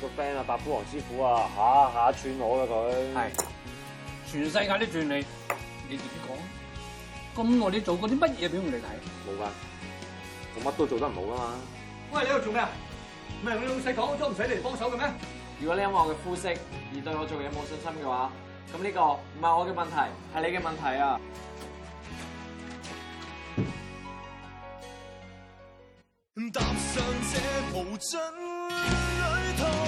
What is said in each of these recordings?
個 friend 啊，白虎王師傅啊，下下串我啦佢。係，全世界都串你，你自己講。咁我哋做過啲乜嘢俾我哋睇？冇啊，我乜都做得唔好㗎嘛。喂，你喺度做咩啊？唔係同你老細講，都唔使你嚟幫手嘅咩？如果你因為我嘅膚色而對我做嘢冇信心嘅話，咁呢個唔係我嘅問題，係你嘅問題啊！踏上這無盡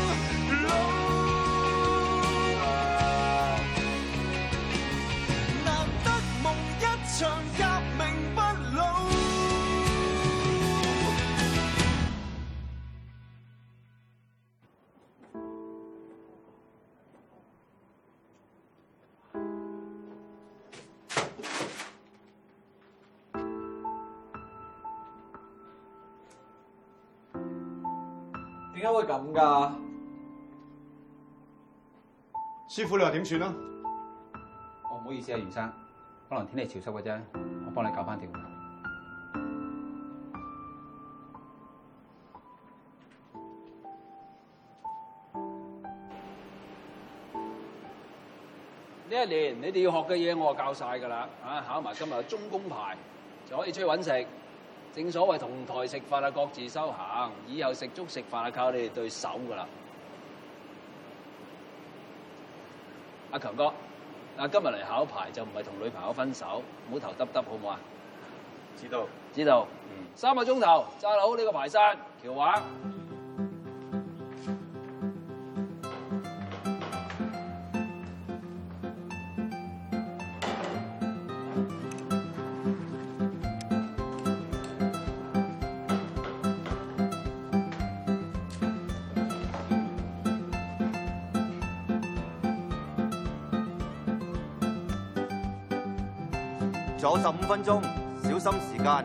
咁噶，師傅你話點算啊？哦，唔好意思啊，袁生，可能天氣潮濕嘅啫，我幫你搞翻掂。呢一年你哋要學嘅嘢，我就教晒噶啦。啊，考埋今日中工牌，就可以出去揾食。正所謂同台食飯，各自修行。以後食粥食飯，靠你哋對手㗎喇。阿強哥，嗱，今日嚟考牌就唔係同女朋友分手，唔好頭耷耷好唔好啊？知道,知道.三個鐘頭揸好呢個牌山橋畫。咗十五分鐘，小心時間。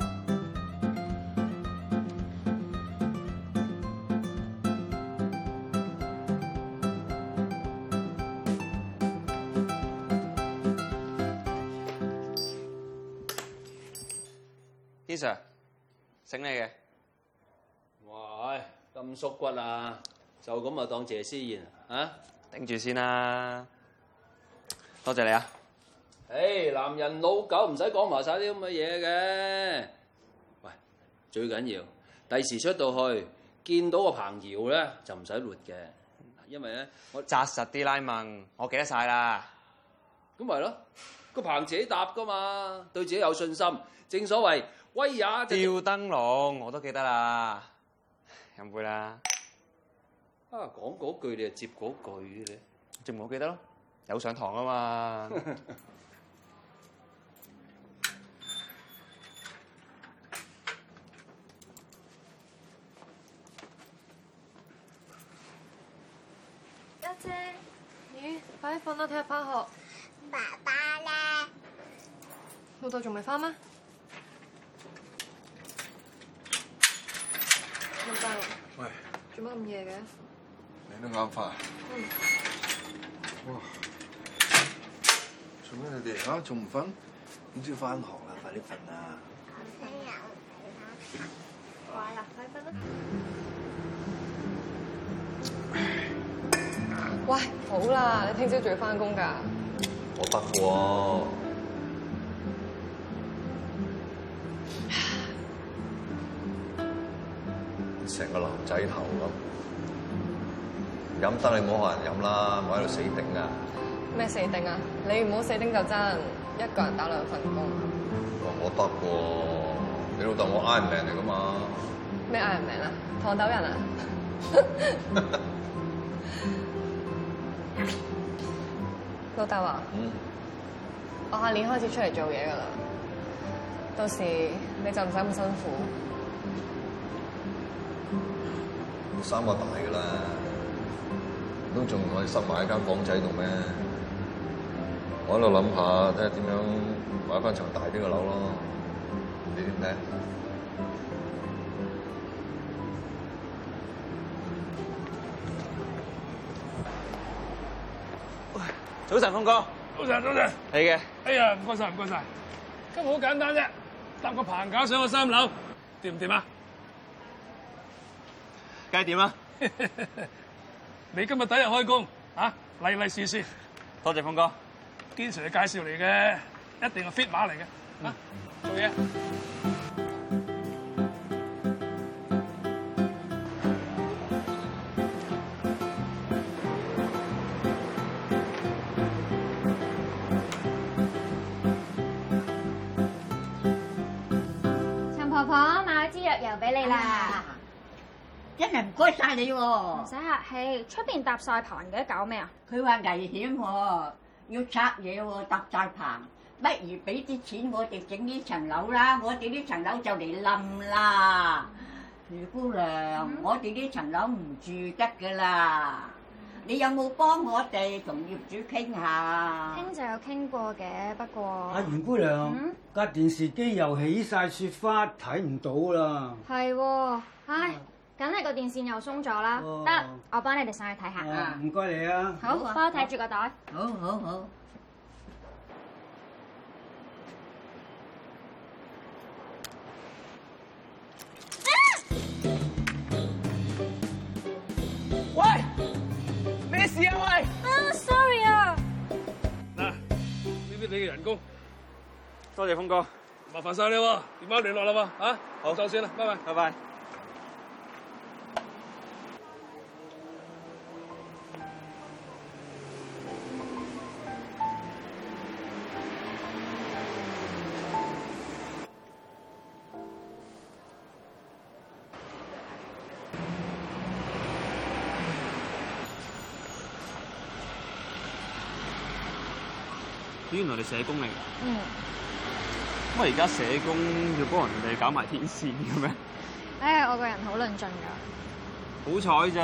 Tina，醒你嘅。哇，咁縮骨啊！就咁啊，當謝詩妍啊，頂住先啦。多謝你啊！誒、hey，男人老狗唔使講埋曬啲咁嘅嘢嘅。喂，最緊要第時出到去見到個彭瑤咧，就唔使活嘅，因為咧我扎實啲拉問，我記得曬啦。咁咪咯， 個彭自己答噶嘛，對自己有信心。正所謂威也，就是，吊燈籠，我都記得啦，又唔會啦。啊，講嗰句你就接嗰句嘅啫，證明我記得咯，有上堂啊嘛。 快瞓啦，聽日翻學。爸爸呢？老豆仲未翻咩？冇翻。喂，做乜咁夜嘅？你都啱瞓。嗯。哇！做咩你哋吓仲唔瞓？點知翻學啦？快啲瞓啦！我聽日唔使翻。我落去瞓。喂，好啦，你聽朝仲要翻工噶？我得喎、啊，成 個男仔頭咁，飲得，你唔好學人飲啦，唔好喺度死頂㗎。咩死頂啊？你唔好死頂就真，一個人打兩份工、哎。我得喎、啊，你老豆我嗌挨命嚟噶嘛？咩嗌挨命啊？糖豆人啊？ 老豆啊，嗯，我下年開始出嚟做嘢噶啦，到時你就唔使咁辛苦。三個大噶啦，都仲可以塞埋一間房仔度咩？我喺度諗下，睇下點樣買翻層大啲嘅樓咯，你點睇？早晨，峰哥早。早晨，早晨。係嘅。哎呀，唔該晒，唔該晒，今日好簡單啫，搭個棚架上個三樓，掂唔掂啊？梗係掂啦。你今日第一日開工，嚇，嚟嚟試試。多謝峰哥，堅船嘅介紹嚟嘅，一定係 fit 碼嚟嘅。嚇，嗯、做嘢。真係唔該曬你喎！唔使客氣，出邊搭曬棚嘅搞咩啊？佢話危險喎，要拆嘢喎，搭曬棚，不如俾啲錢我哋整呢層樓啦。我哋呢層樓就嚟冧啦，袁姑娘，我哋呢層樓唔住得㗎啦。你有冇幫我哋同業主傾下啊？傾就有傾過嘅，不過阿袁姑娘，架電視機又起曬雪花，睇唔到啦。係喎，唉。咁你個電線又鬆咗啦，得、哦、我幫你哋上去睇下啊！唔該你啊，好，幫我睇住個袋好。好好好，好。喂，咩事啊喂？啊，sorry 啊。嗱，呢啲你嘅人工，多謝峰哥，麻煩晒你喎，電話聯絡啦喎，啊，好，收先啦，拜拜，拜拜。原來你社工嚟㗎？嗯。乜而家社工要幫人哋搞埋天線嘅咩？唉、哎，我個人好論盡㗎。好彩咋，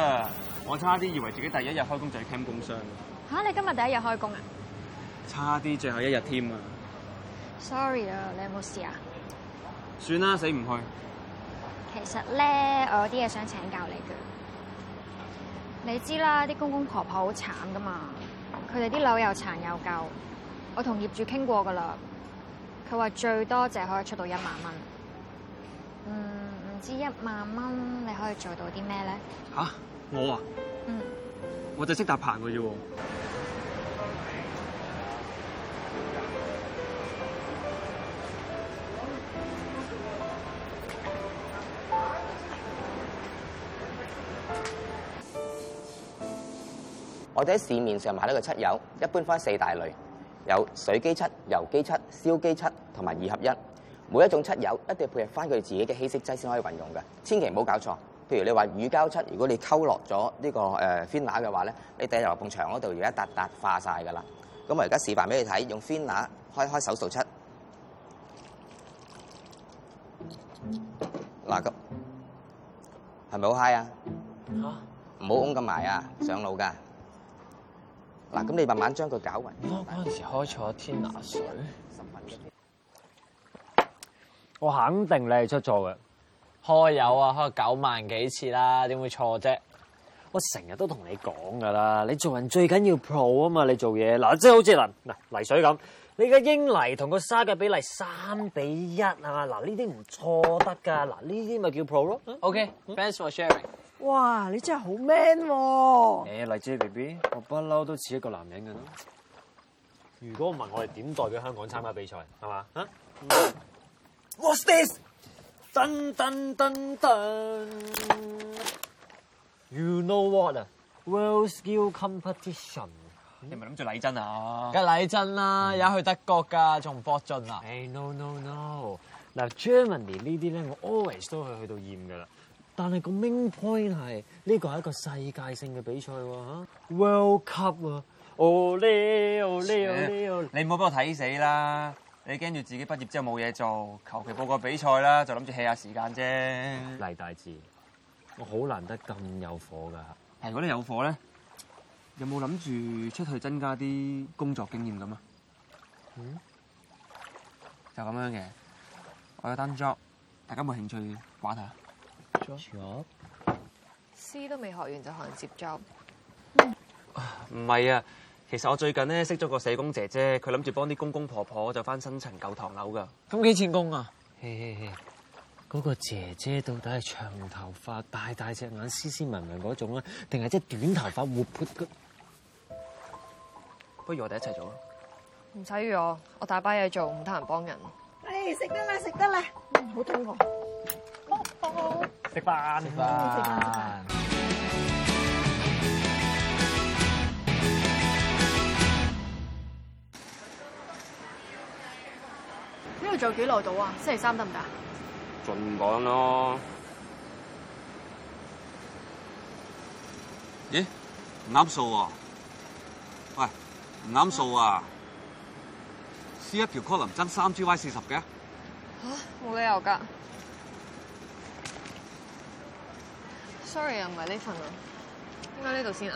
我差啲以為自己第一日開工就要 claim 工傷。嚇、啊！你今日第一日開工啊？差啲最後一日添啊！Sorry 啊，你有冇事啊？算啦，死唔去。其實咧，我有啲嘢想請教你嘅。你知啦，啲公公婆婆好慘㗎嘛，佢哋啲樓又殘又舊。我同業主傾過噶啦，佢話最多淨係可以出到一萬蚊。嗯，唔知一萬蚊你可以做到啲咩咧？吓、啊？我啊？嗯，我就識搭棚嘅啫。我哋喺市面上買到個漆油，一般分四大類。有水基漆、油基漆、消基漆同埋二合一，每一種漆油一定要配合翻佢自己嘅稀釋劑先可以運用嘅，千祈唔好搞錯。譬如你話乳膠漆，如果你溝落咗呢個誒 f i 嘅話咧，你第入垃圾桶嗰度而家一笪笪化晒噶啦。咁我而家示範俾你睇，用 f i n i 開開手掃漆，嗱咁，係咪好嗨 i 啊？嚇、啊！唔好拱緊埋啊，上腦㗎！嗱，咁你慢慢將佢搞勻。我嗰陣時開錯天拿水。我肯定你係出錯嘅。開有啊，開九萬幾次啦，點會錯啫？我成日都同你講噶啦，你做人最緊要 pro 啊嘛，你做嘢嗱，即係好似嗱嗱泥水咁，你嘅英泥同個沙嘅比例三比一啊，嗱呢啲唔錯得噶，嗱呢啲咪叫 pro 咯。OK，thanks、嗯、for sharing。哇！你真係好 man 喎！誒、欸，黎姿 B B，我不嬲都似一個男人嘅啦。如果問我哋點代表香港參加比賽，係、嗯、嘛、嗯、？w h a t s this？噔噔噔噔！You know what？World s k i l l Competition、嗯。你唔係諗住黎真啊？梗係黎真啦，有、嗯、去德國噶仲博進啊、hey,！No no no！嗱，Germany 呢啲咧，我 always 都係去到厭㗎啦。但係個 main point 係呢個係一個世界性嘅比賽喎，World Cup 喎，哦呢哦呢哦呢，你唔好俾我睇死啦！你驚住自己畢業之後冇嘢做，求其報個比賽啦，就諗住 hea 下時間啫。黎大志，我好難得咁有火噶。誒，如果你有火咧，有冇諗住出去增加啲工作經驗咁啊？嗯，就咁樣嘅，我有單 job，大家冇興趣玩下。做詩都未學完就學人接 job，唔、嗯、係啊,啊，其實我最近咧識咗個社工姐姐，佢諗住幫啲公公婆婆,婆就翻新層舊唐樓噶，咁幾錢工啊？嘿嘿，嗰、那個姐姐到底係長頭髮大大隻眼斯斯文文嗰種啊？定係即係短頭髮活潑的？不如我哋一齊做啊？唔使預我，我大把嘢做，唔得閒幫人。哎，食得啦，食得啦，好肚餓，食飯，食飯。呢度做幾耐到啊？星期三得唔得？盡講咯。咦、欸？啱數喎。喂，啱數啊！C、嗯、一條 column 增三 G Y 四十嘅。嚇、啊，冇理由㗎。sorry 啊，唔係呢份啊，應該呢度先啱。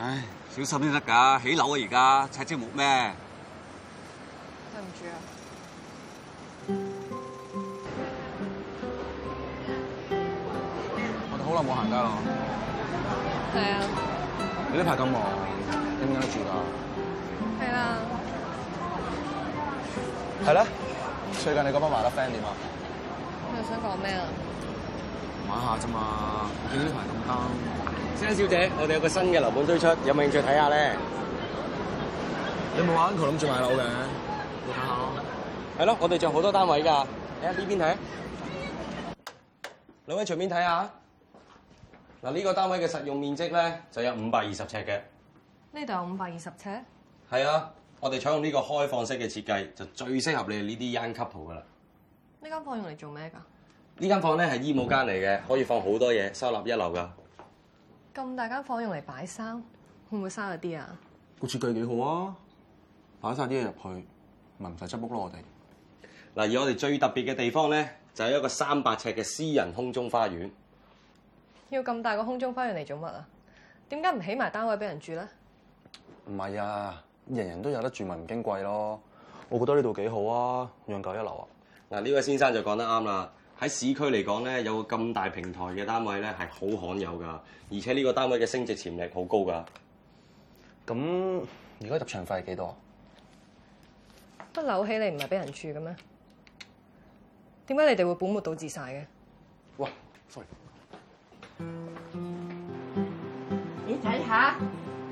唉，小心先得噶，現在起樓啊而家，砌積木咩？對唔住啊！我都好耐冇行街咯。係啊。你呢排咁忙，點頂得住噶？係啦。係咧，最近你嗰班麻甩 friend 點嘛？你想講咩啊？玩下啫嘛，佢都同埋咁啱。小姐，我哋有個新嘅樓盤推出，有冇興趣睇下咧？你有冇 uncle 諗住買樓嘅？我睇下咯。係咯，我哋仲有好多單位噶。睇下呢邊睇，兩位隨便睇下。嗱，呢個單位嘅實用面積咧就有五百二十尺嘅。呢度有五百二十尺？係啊，我哋採用呢個開放式嘅設計，就最適合你哋呢啲 young couple 嘅啦。呢間房用嚟做咩噶？呢間房咧係衣帽間嚟嘅，可以放好多嘢，收納一流噶。咁大間房用嚟擺衫，會唔會嘥咗啲啊？個設計幾好啊！擺晒啲嘢入去，咪唔使執屋咯。我哋嗱，而我哋最特別嘅地方咧，就有一個三百尺嘅私人空中花園。要咁大個空中花園嚟做乜啊？點解唔起埋單位俾人住咧？唔係啊！人人都有得住，咪唔矜貴囉。咯。我覺得呢度幾好啊，養狗一流啊！嗱，呢位先生就講得啱啦。喺市區嚟講咧，有個咁大平台嘅單位咧，係好罕有噶，而且呢個單位嘅升值潛力好高噶。咁，而家入場費係幾多？不扭起你唔係俾人住嘅咩？點解你哋會本末倒置晒嘅？哇！sorry，你睇下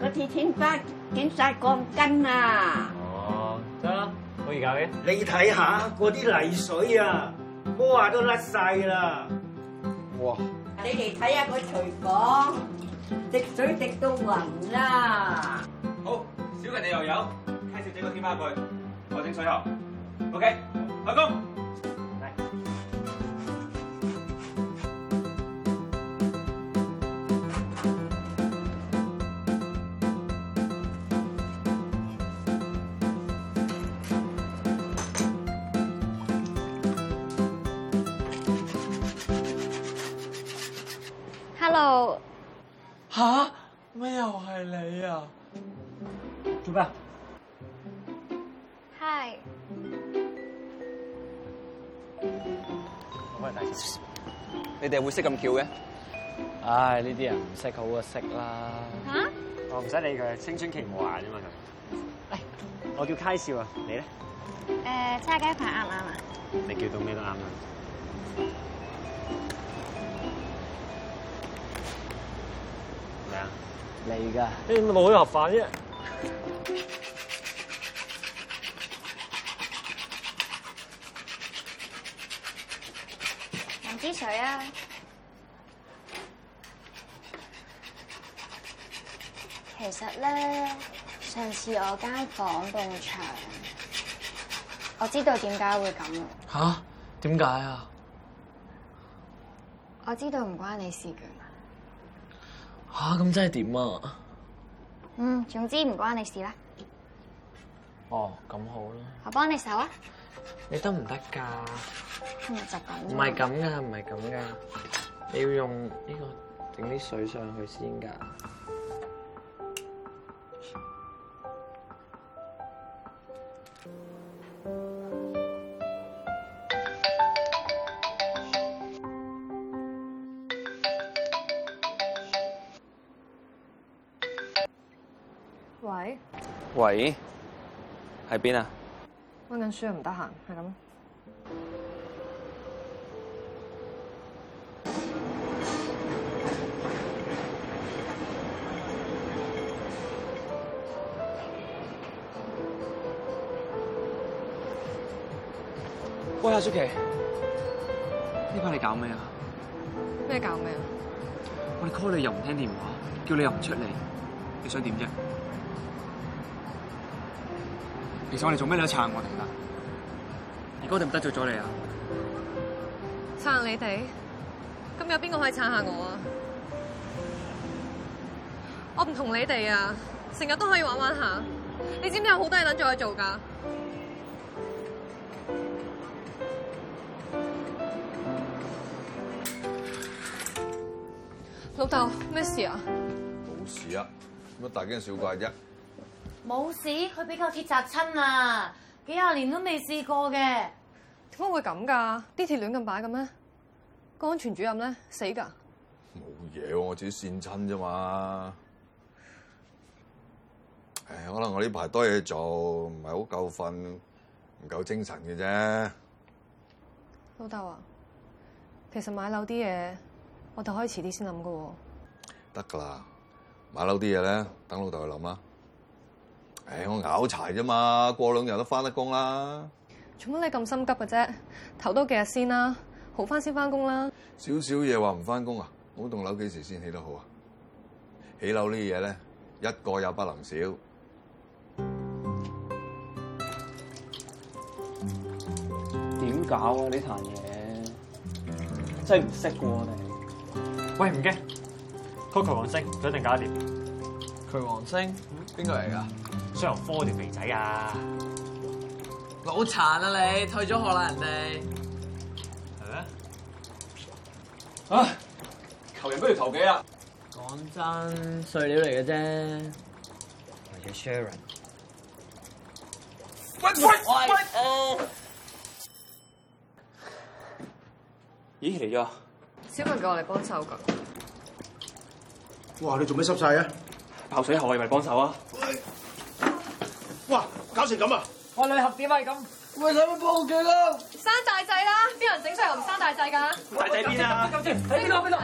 個鐵天花剪晒鋼筋啊！哦，得啦，好易搞嘅。你睇下嗰啲泥水啊！哇！都甩曬啦，哇！你哋睇下個廚房，滴水滴到暈啦。好，小強你哋又有，Kai 少個天花板，我整水喉，OK，開工。喂，Hi，我快打結束。你哋會識咁巧嘅？唉，呢啲人唔識好過識啦。嚇？我唔使理佢，青春期唔玩啊嘛。嚟，我叫 Kai 少啊，你咧？誒，叉雞飯啱唔啱啊？你叫到咩都啱啊？咩啊？嚟㗎？你唔係老友合飯啫。支水啊！其實咧，上次我間房凍牆，我知道點解會咁。吓、啊？點解啊？我知道唔關你事噶。吓、啊？咁即係點啊？嗯，總之唔關你事啦。哦，咁好啦。我幫你手啊！你得唔得噶？唔係咁，唔係咁噶，唔係咁噶，你要用呢、這個整啲水上去先噶。喂？喂？喺邊啊？溫緊書唔得閒，係咁。是這樣喂，雪琪，呢排你搞咩啊？咩搞咩啊？我哋 call 你又唔聽電話，叫你又唔出嚟，你想點啫？ 其實我哋做咩你都撐我哋噶，如果我哋唔得罪咗你啊？撐你哋？咁有邊個可以撐下我啊？我唔同你哋啊，成日都可以玩玩下，你知唔知有好多嘢等住我做噶？老豆，咩事啊？冇事啊，乜大驚小怪啫？冇事，佢俾架鐵砸親啊，幾廿年都未試過嘅，點解會咁噶？啲鐵亂咁擺嘅咩？個安全主任咧死噶？冇嘢、啊，我自己跣親啫嘛。唉，可能我呢排多嘢做，唔係好夠瞓，唔夠精神嘅啫。老豆啊，其實買樓啲嘢。我哋可以遲啲先諗噶，得噶啦。買樓啲嘢咧，等老豆去諗啦。唉、哎，我拗柴啫嘛，過兩日都翻得工啦。做乜你咁心急嘅啫？唞多幾日先啦，好翻先翻工啦。少少嘢話唔翻工啊？好棟樓幾時先起得好啊？起樓呢啲嘢咧，一個又不能少。點搞啊？呢壇嘢真係唔識噶喎，你。喂，唔驚，拖佢王星，肯定搞得掂。佢王星，邊個嚟噶？Sharon 科條肥仔啊！腦殘啊你，退咗學啦人哋。係咩？啊！求人不如求己啊！講真，碎料嚟嘅啫。嚟只 Sharon。喂喂喂！咦嚟咗？點解叫我嚟幫手噶？哇！你做咩濕晒啊？爆水喉係咪幫手啊、哎？哇！搞成咁啊！我兩盒點係咁？我哋想報警啦！生大劑啦！邊人整出嚟唔生大劑噶？大劑邊啊？邊個邊個？邊個邊個？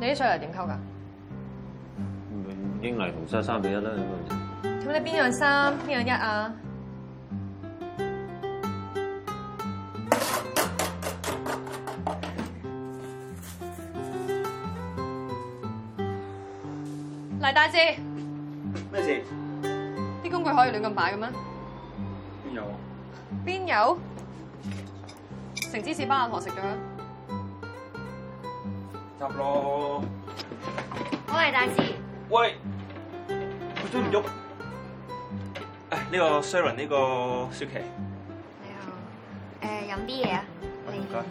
你啲水係點溝噶？英泥同沙三比一啦。咁你邊樣三，邊樣一啊？嚟，大志，咩事？啲工具可以亂咁擺嘅咩？邊有？邊有？成芝士包阿婆食咗？執咯。我係大志。喂，我追唔到。呢、這個 Sharon 呢個雪琪，你、嗯、好，誒，飲啲嘢啊，唔該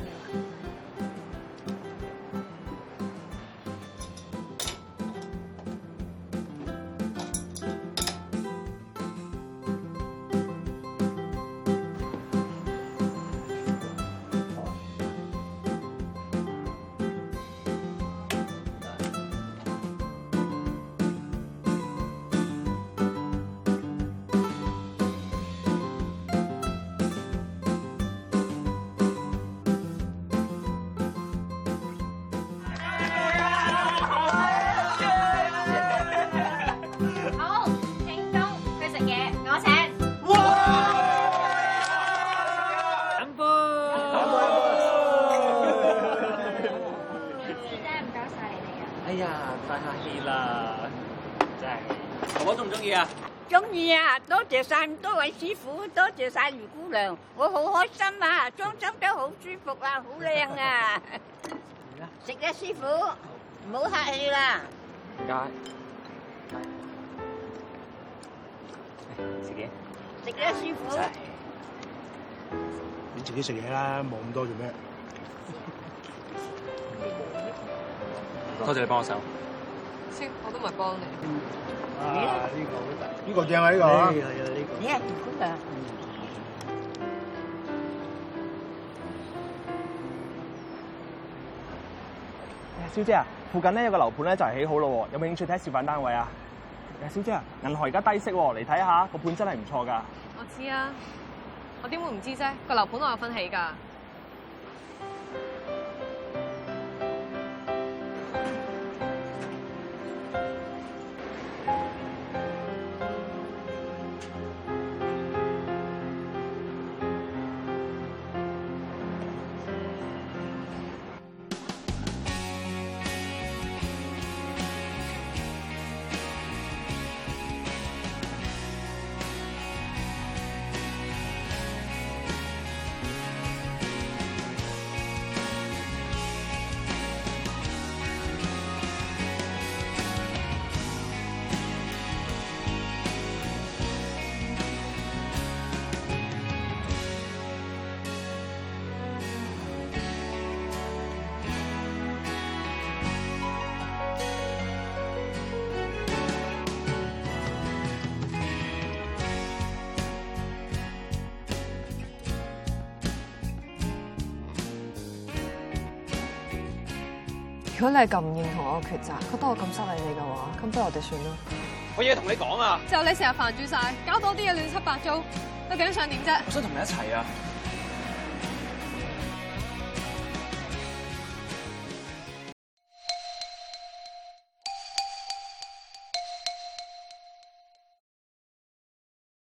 多謝晒咁多位師傅，多謝晒余姑娘，我好開心啊，裝修得好舒服啊，好靚啊，食啦師傅，唔好客氣啦。食嘢。食啦師傅。你自己食嘢啦，冇咁多做咩。多謝你幫手。先，我都唔係幫你。啊！呢個呢個正喎呢個。你、這個這個這個這個 yeah, 小姐啊，附近咧有個樓盤咧就係起好咯，有冇興趣睇示範單位啊？小姐啊，銀行而家低息喎，嚟睇下個盤真係唔錯噶。我知啊，我點會唔知啫？個樓盤我有分起噶。如果你係咁唔認同我嘅抉擇，覺得我咁失禮你嘅話，咁不如我哋算啦。我嘢同你講啊，就你成日煩住晒，搞多啲嘢亂七八糟，究竟想點啫？我想同你一齊啊。